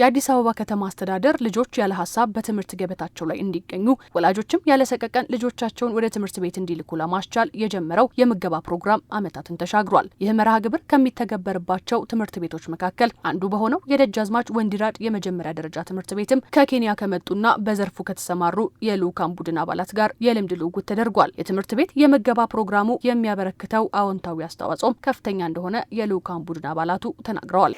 የአዲስ አበባ ከተማ አስተዳደር ልጆች ያለ ሀሳብ በትምህርት ገበታቸው ላይ እንዲገኙ ወላጆችም ያለ ሰቀቀን ልጆቻቸውን ወደ ትምህርት ቤት እንዲልኩ ለማስቻል የጀመረው የምገባ ፕሮግራም ዓመታትን ተሻግሯል። ይህ መርሃ ግብር ከሚተገበርባቸው ትምህርት ቤቶች መካከል አንዱ በሆነው የደጃዝማች ወንዲራድ የመጀመሪያ ደረጃ ትምህርት ቤትም ከኬንያ ከመጡና በዘርፉ ከተሰማሩ የልዑካን ቡድን አባላት ጋር የልምድ ልውውጥ ተደርጓል። የትምህርት ቤት የምገባ ፕሮግራሙ የሚያበረክተው አዎንታዊ አስተዋጽኦም ከፍተኛ እንደሆነ የልዑካን ቡድን አባላቱ ተናግረዋል።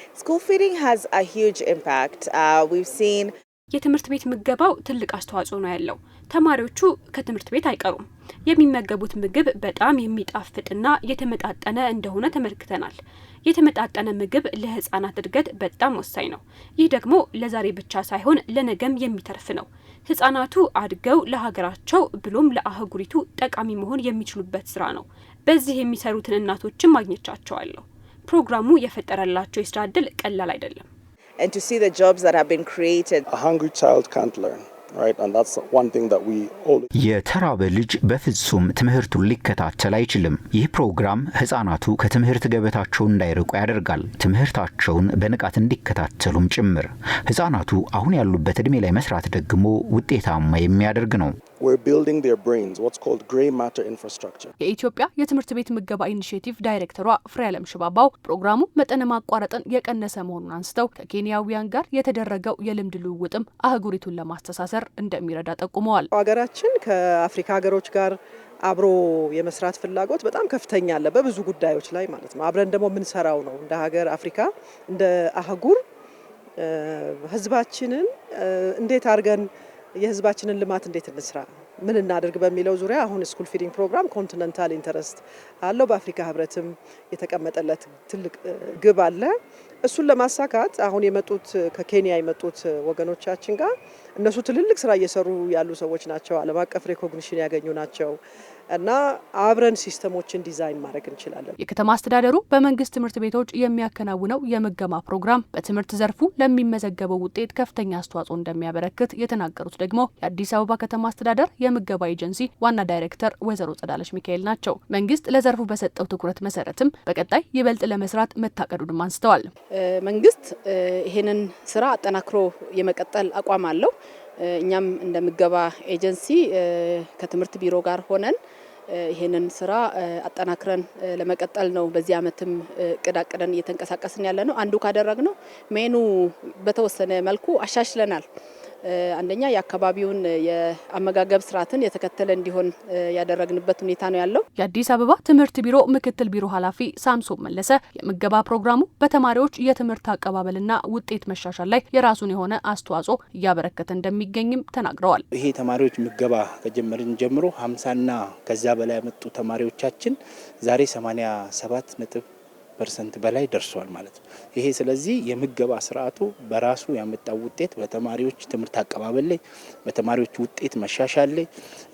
የትምህርት ቤት ምገባው ትልቅ አስተዋጽኦ ነው ያለው። ተማሪዎቹ ከትምህርት ቤት አይቀሩም። የሚመገቡት ምግብ በጣም የሚጣፍጥና የተመጣጠነ እንደሆነ ተመልክተናል። የተመጣጠነ ምግብ ለህፃናት እድገት በጣም ወሳኝ ነው። ይህ ደግሞ ለዛሬ ብቻ ሳይሆን ለነገም የሚተርፍ ነው። ህፃናቱ አድገው ለሀገራቸው ብሎም ለአህጉሪቱ ጠቃሚ መሆን የሚችሉበት ስራ ነው። በዚህ የሚሰሩትን እናቶችም ማግኘቻቸዋለሁ። ፕሮግራሙ የፈጠረላቸው የስራ እድል ቀላል አይደለም። and to see the jobs that have been created. A hungry child can't learn. የተራበ ልጅ በፍጹም ትምህርቱን ሊከታተል አይችልም። ይህ ፕሮግራም ሕፃናቱ ከትምህርት ገበታቸው እንዳይርቁ ያደርጋል፣ ትምህርታቸውን በንቃት እንዲከታተሉም ጭምር። ሕፃናቱ አሁን ያሉበት ዕድሜ ላይ መስራት ደግሞ ውጤታማ የሚያደርግ ነው። የኢትዮጵያ የትምህርት ቤት ምገባ ኢኒሽቲቭ ዳይሬክተሯ ፍሬ አለም ሽባባው ፕሮግራሙ መጠነ ማቋረጥን የቀነሰ መሆኑን አንስተው ከኬንያውያን ጋር የተደረገው የልምድ ልውውጥም አህጉሪቱን ለማስተሳሰር እንደሚረዳ ጠቁመዋል። ሀገራችን ከአፍሪካ ሀገሮች ጋር አብሮ የመስራት ፍላጎት በጣም ከፍተኛ አለ፣ በብዙ ጉዳዮች ላይ ማለት ነው። አብረን ደግሞ የምንሰራው ነው እንደ ሀገር አፍሪካ እንደ አህጉር ህዝባችንን እንዴት አድርገን የህዝባችንን ልማት እንዴት እንስራ ምን እናደርግ በሚለው ዙሪያ አሁን ስኩል ፊዲንግ ፕሮግራም ኮንቲነንታል ኢንተረስት አለው። በአፍሪካ ህብረትም የተቀመጠለት ትልቅ ግብ አለ። እሱን ለማሳካት አሁን የመጡት ከኬንያ የመጡት ወገኖቻችን ጋር እነሱ ትልልቅ ስራ እየሰሩ ያሉ ሰዎች ናቸው። ዓለም አቀፍ ሬኮግኒሽን ያገኙ ናቸው እና አብረን ሲስተሞችን ዲዛይን ማድረግ እንችላለን። የከተማ አስተዳደሩ በመንግስት ትምህርት ቤቶች የሚያከናውነው የምገማ ፕሮግራም በትምህርት ዘርፉ ለሚመዘገበው ውጤት ከፍተኛ አስተዋጽኦ እንደሚያበረክት የተናገሩት ደግሞ የአዲስ አበባ ከተማ አስተዳደር የምገባ ኤጀንሲ ዋና ዳይሬክተር ወይዘሮ ጸዳለች ሚካኤል ናቸው። መንግስት ለዘርፉ በሰጠው ትኩረት መሰረትም በቀጣይ ይበልጥ ለመስራት መታቀዱንም አንስተዋል። መንግስት ይሄንን ስራ አጠናክሮ የመቀጠል አቋም አለው። እኛም እንደ ምገባ ኤጀንሲ ከትምህርት ቢሮ ጋር ሆነን ይሄንን ስራ አጠናክረን ለመቀጠል ነው። በዚህ አመትም እቅድ አቅደን እየተንቀሳቀስን ያለ ነው። አንዱ ካደረግነው ሜኑ በተወሰነ መልኩ አሻሽለናል። አንደኛ የአካባቢውን የአመጋገብ ስርዓትን የተከተለ እንዲሆን ያደረግንበት ሁኔታ ነው ያለው። የአዲስ አበባ ትምህርት ቢሮ ምክትል ቢሮ ኃላፊ ሳምሶን መለሰ የምገባ ፕሮግራሙ በተማሪዎች የትምህርት አቀባበልና ውጤት መሻሻል ላይ የራሱን የሆነ አስተዋጽኦ እያበረከተ እንደሚገኝም ተናግረዋል። ይሄ ተማሪዎች ምገባ ከጀመርን ጀምሮ ሀምሳና ከዛ በላይ ያመጡ ተማሪዎቻችን ዛሬ ሰማኒያ ሰባት ነጥብ ፐርሰንት በላይ ደርሷል ማለት ነው። ይሄ ስለዚህ የምገባ ስርዓቱ በራሱ ያመጣው ውጤት በተማሪዎች ትምህርት አቀባበል ላይ፣ በተማሪዎች ውጤት መሻሻል ላይ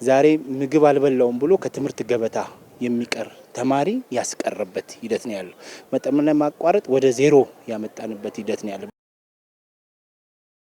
ዛሬ ምግብ አልበላውም ብሎ ከትምህርት ገበታ የሚቀር ተማሪ ያስቀረበት ሂደት ነው ያለው። መጠነ ማቋረጥ ወደ ዜሮ ያመጣንበት ሂደት ነው ያለው።